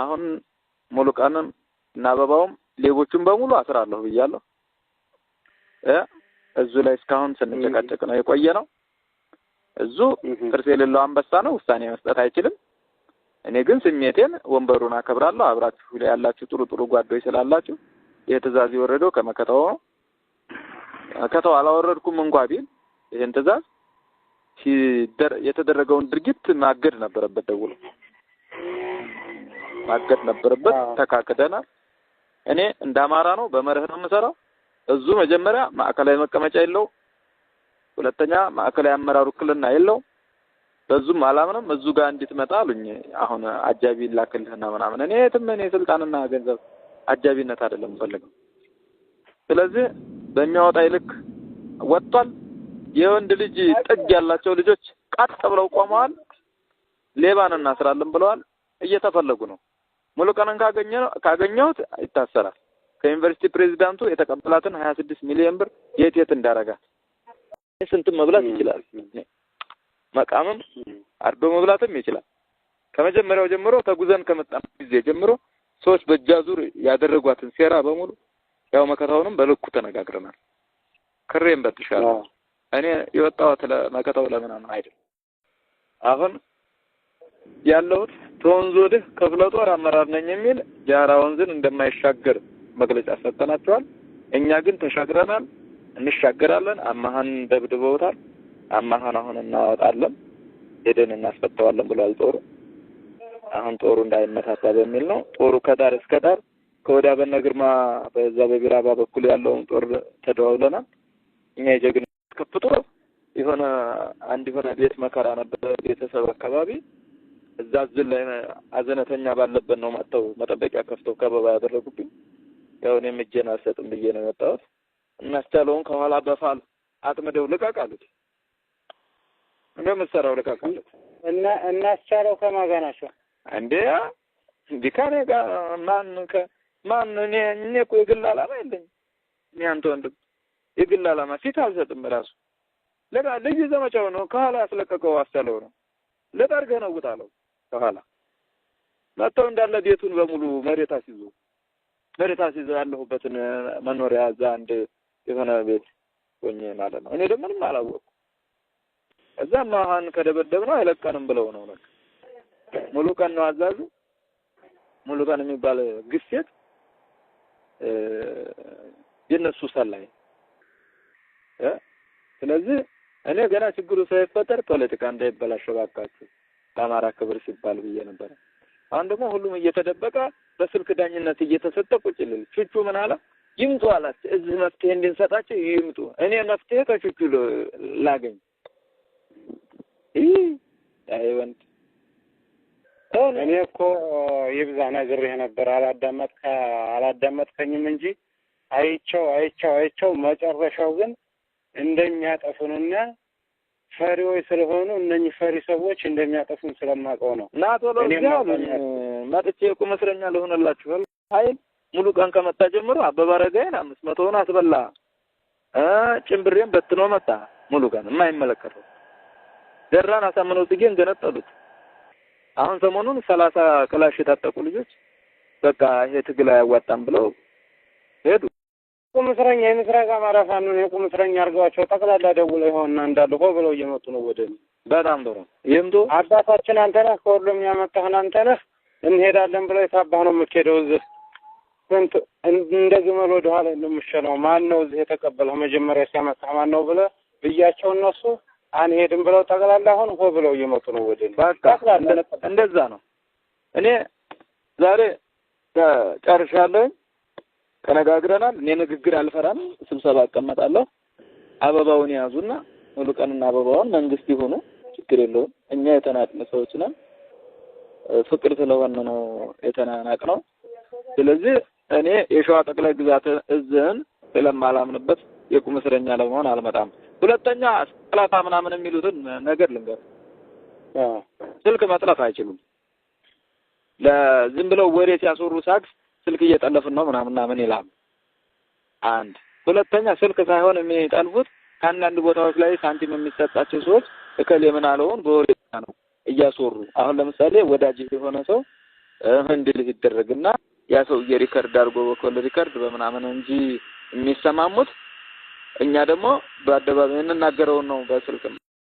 አሁን ሙሉቀንም እና አበባውም ሌቦቹን በሙሉ አስራለሁ ብያለሁ። እዙ ላይ እስካሁን ስንጨቃጨቅ ነው የቆየ ነው። እዙ ጥርስ የሌለው አንበሳ ነው፣ ውሳኔ መስጠት አይችልም። እኔ ግን ስሜቴን ወንበሩን አከብራለሁ። አብራችሁ ላይ ያላችሁ ጥሩ ጥሩ ጓዶች ስላላችሁ ይህ ትእዛዝ የወረደው ከመከተው ነው። ከተው አላወረድኩም እንኳ ቢል ይህን ትእዛዝ የተደረገውን ድርጊት ማገድ ነበረበት ደውሎ ማገድ ነበረበት። ተካክደናል። እኔ እንደ አማራ ነው፣ በመርህ ነው የምሰራው። እዙ መጀመሪያ ማዕከላዊ መቀመጫ የለው፣ ሁለተኛ ማዕከላዊ አመራሩ ውክልና የለው። በዙም አላምንም። እዙ ጋር እንድትመጣ አሉኝ። አሁን አጃቢ ላክልህና ምናምን። እኔ የትም እኔ ስልጣንና ገንዘብ አጃቢነት አይደለም የምፈልገው። ስለዚህ በሚያወጣ ይልክ ወጥቷል። የወንድ ልጅ ጥግ ያላቸው ልጆች ቀጥ ብለው ቆመዋል። ሌባን እናስራለን ብለዋል። እየተፈለጉ ነው። ሙሉ ቀንን ካገኘሁት ይታሰራል። ከዩኒቨርሲቲ ፕሬዚዳንቱ የተቀበላትን ሀያ ስድስት ሚሊዮን ብር የት የት እንዳረጋት ስንትም መብላት ይችላል። መቃመም አርዶ መብላትም ይችላል። ከመጀመሪያው ጀምሮ ተጉዘን ከመጣን ጊዜ ጀምሮ ሰዎች በእጃ ዙር ያደረጓትን ሴራ በሙሉ ያው መከታውንም በልኩ ተነጋግረናል። ክሬም በትሻለሁ እኔ የወጣሁት ለመከታው ለምናምን አይደለም። አሁን ያለሁት ከወንዝ ወዲህ ክፍለ ጦር አመራር ነኝ የሚል ጃራ ወንዝን እንደማይሻገር መግለጫ ሰጥተናቸዋል። እኛ ግን ተሻግረናል፣ እንሻገራለን። አማሃን ደብድበውታል። አማሃን አሁን እናወጣለን፣ ሄደን እናስፈተዋለን ብሏል ጦሩ። አሁን ጦሩ እንዳይመታታ በሚል ነው ጦሩ ከዳር እስከ ዳር ከወዲያ በነግርማ በዛ በቢራባ በኩል ያለውን ጦር ተደዋውለናል። እኛ የጀግና ከፍቶ የሆነ አንድ የሆነ ቤት መከራ ነበር ቤተሰብ አካባቢ ዛዝን ላይ አዘነተኛ ባለበት ነው መጥተው መጠበቂያ ከፍተው ከበባ ያደረጉብኝ። ያው እኔም እጄን አልሰጥም ብዬ ነው የመጣሁት። እናስቻለውን ከኋላ በፋል አጥምደው ልቀቅ አሉት። እንደምትሰራው ልቀቅ አሉት። እና እናስቻለው ከማን ጋር ናቸው እንዴ? እንዲህ ከኔ ጋር ማን ማን? እኔ እኔ እኮ የግል አላማ የለኝም። እኔ አንተ ወንድም የግል አላማ ፊት አልሰጥም። ራሱ ልዩ ዘመቻው ነው። ከኋላ ያስለቀቀው አስቻለው ነው። ልጠርገህ ነው ውጣለው ከኋላ መጥተው እንዳለ ቤቱን በሙሉ መሬት አስይዞ መሬት አስይዞ ያለሁበትን መኖሪያ እዛ አንድ የሆነ ቤት ሆኜ ማለት ነው። እኔ ደግሞ ምንም አላወቅኩም። እዛ ማሀን ከደበደብ ነው አይለቀንም ብለው ነው ነ ሙሉ ቀን ነው አዛዙ ሙሉ ቀን የሚባል ግሴት የነሱ ሰላይ ስለዚህ እኔ ገና ችግሩ ሳይፈጠር ፖለቲካ እንዳይበላሸባካችሁ ለአማራ ክብር ሲባል ብዬ ነበረ። አሁን ደግሞ ሁሉም እየተደበቀ በስልክ ዳኝነት እየተሰጠ ቁጭ ልል ቹቹ ምን አለ ይምጡ አላት። እዚህ መፍትሄ እንድንሰጣቸው ይምጡ። እኔ መፍትሄ ከቹቹ ላገኝ ይህ ወንድ እኔ እኮ ይብዛህ ነግሬህ ነበር፣ አላዳመጥከ አላዳመጥከኝም እንጂ አይቸው አይቸው አይቸው መጨረሻው ግን እንደሚያጠፉንና ፈሪዎች ስለሆኑ እነኚህ ፈሪ ሰዎች እንደሚያጠፉን ስለማውቀው ነው። እና ቶሎ መጥቼ ቁም መስለኛ ለሆነላችኋል ሀይል ሙሉ ቀን ከመጣ ጀምሮ አበባ አረጋይን አምስት መቶውን አስበላ፣ ጭምብሬን በትኖ መጣ። ሙሉ ቀን የማይመለከተው ደራን አሳምነው ጽጌን ገነጠሉት። አሁን ሰሞኑን ሰላሳ ክላሽ የታጠቁ ልጆች በቃ ይሄ ትግል አያዋጣም ብለው ሄዱ። ቁም እስረኛ የምስራቅ አማራ ፋኖን የቁም እስረኛ አድርገዋቸው ጠቅላላ ደውለው ይሆንና እንዳሉ ሆ ብለው እየመጡ ነው ወደ በጣም ጥሩ ይምጡ። አባታችን አንተነህ ከሁሉም ያመጣህን አንተነህ እንሄዳለን ብለው የታባህ ነው የምትሄደው እዚህ ስንት እንደ ግመል ወደኋላ እንደምሸነው ማን ነው እዚህ የተቀበለህ መጀመሪያ ሲያመጣህ ማን ነው ብለህ ብያቸው እነሱ አንሄድም ብለው ጠቅላላ አሁን ሆ ብለው እየመጡ ነው ወደ በቃ እንደዛ ነው። እኔ ዛሬ ጨርሻለሁኝ። ተነጋግረናል። እኔ ንግግር አልፈራም። ስብሰባ አቀመጣለሁ። አበባውን የያዙና ሙሉቀንና አበባውን መንግስት ይሁኑ፣ ችግር የለውም። እኛ የተናቅን ሰዎች ነን። ፍቅር ስለሆነ ነው የተናናቅ ነው። ስለዚህ እኔ የሸዋ ጠቅላይ ግዛት እዝን ስለማላምንበት የቁም እስረኛ ለመሆን አልመጣም። ሁለተኛ ጠላታ ምናምን የሚሉትን ነገር ልንገር፣ ስልክ መጥላት አይችሉም። ለዝም ብለው ወሬ ሲያስወሩ ሳክስ ስልክ እየጠለፍን ነው ምናምን ምናምን ይላሉ። አንድ ሁለተኛ ስልክ ሳይሆን የሚጠልፉት ከአንዳንድ ቦታዎች ላይ ሳንቲም የሚሰጣቸው ሰዎች እከል የምናለውን በወሬ ነው እያስወሩ። አሁን ለምሳሌ ወዳጅ የሆነ ሰው ህንድል ይደረግና ያ ሰውዬ ሪከርድ አድርጎ በኮል ሪከርድ በምናምን እንጂ የሚሰማሙት እኛ ደግሞ በአደባባይ የምንናገረውን ነው በስልክ ነው።